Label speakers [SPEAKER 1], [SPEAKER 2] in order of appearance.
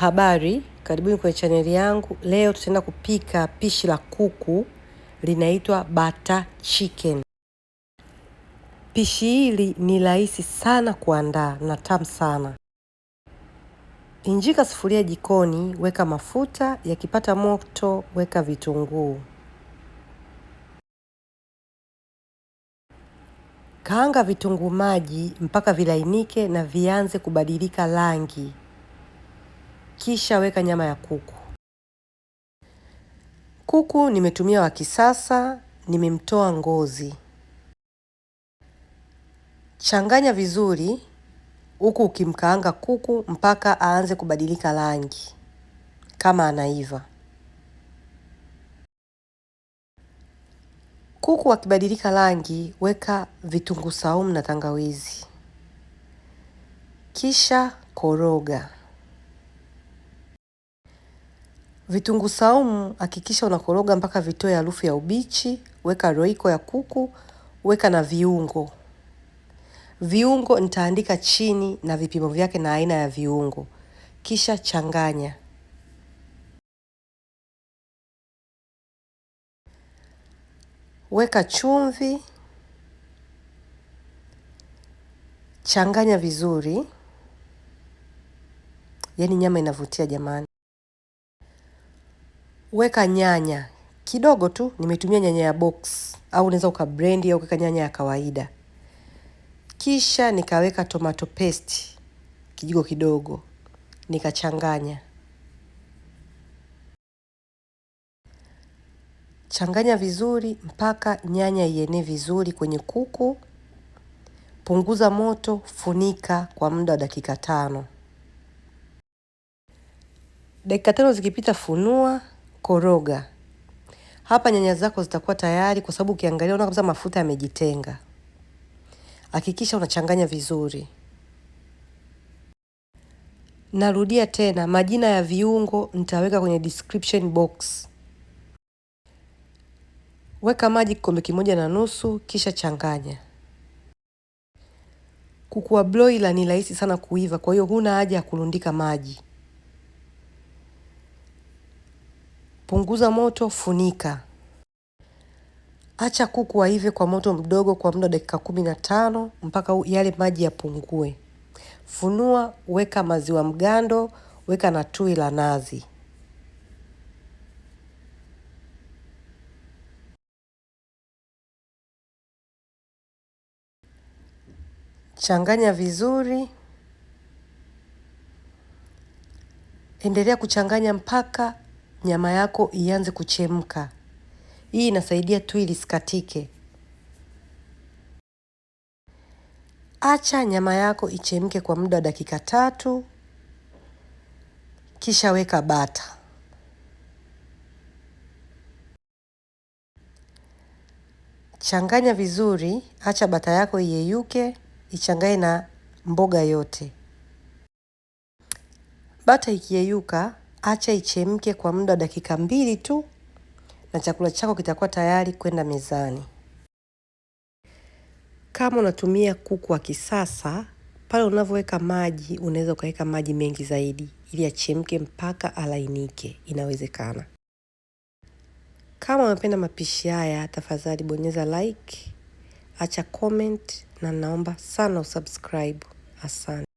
[SPEAKER 1] Habari, karibuni kwenye chaneli yangu. Leo tutaenda kupika pishi la kuku linaitwa butter chicken. Pishi hili ni rahisi sana kuandaa na tamu sana. Injika sufuria jikoni, weka mafuta, yakipata moto weka vitunguu. Kaanga vitunguu maji mpaka vilainike na vianze kubadilika rangi kisha weka nyama ya kuku. Kuku nimetumia wa kisasa, nimemtoa ngozi. Changanya vizuri huku ukimkaanga kuku mpaka aanze kubadilika rangi kama anaiva. Kuku akibadilika rangi, weka vitunguu saumu na tangawizi, kisha koroga. Vitunguu saumu hakikisha unakoroga mpaka vitoe harufu ya ubichi. Weka roiko ya kuku, weka na viungo. Viungo nitaandika chini na vipimo vyake na aina ya viungo, kisha changanya. Weka chumvi, changanya vizuri. Yaani nyama inavutia jamani weka nyanya kidogo tu, nimetumia nyanya ya box au unaweza ukabrendi au ukaweka nyanya ya kawaida. Kisha nikaweka tomato paste kijiko kidogo, nikachanganya changanya vizuri mpaka nyanya ienee vizuri kwenye kuku. Punguza moto, funika kwa muda wa dakika tano. Dakika tano zikipita, funua koroga. Hapa nyanya zako zitakuwa tayari, kwa sababu ukiangalia unaona kabisa mafuta yamejitenga. Hakikisha unachanganya vizuri. Narudia tena, majina ya viungo nitaweka kwenye description box. Weka maji kikombe kimoja na nusu, kisha changanya. Kuku wa broiler ni rahisi sana kuiva, kwa hiyo huna haja ya kurundika maji. Punguza moto, funika. Acha kuku waive kwa moto mdogo kwa muda dakika kumi na tano mpaka yale maji yapungue. Funua, weka maziwa mgando, weka na tui la nazi. Changanya vizuri. Endelea kuchanganya mpaka nyama yako ianze kuchemka. Hii inasaidia tui lisikatike. Acha nyama yako ichemke kwa muda wa dakika tatu, kisha weka bata. Changanya vizuri, acha bata yako iyeyuke, ichanganye na mboga yote. Bata ikiyeyuka, acha ichemke kwa muda wa dakika mbili tu na chakula chako kitakuwa tayari kwenda mezani. Kama unatumia kuku wa kisasa, pale unavyoweka maji unaweza ukaweka maji mengi zaidi ili achemke mpaka alainike, inawezekana. Kama unapenda mapishi haya, tafadhali bonyeza like, acha comment na naomba sana usubscribe. Asante.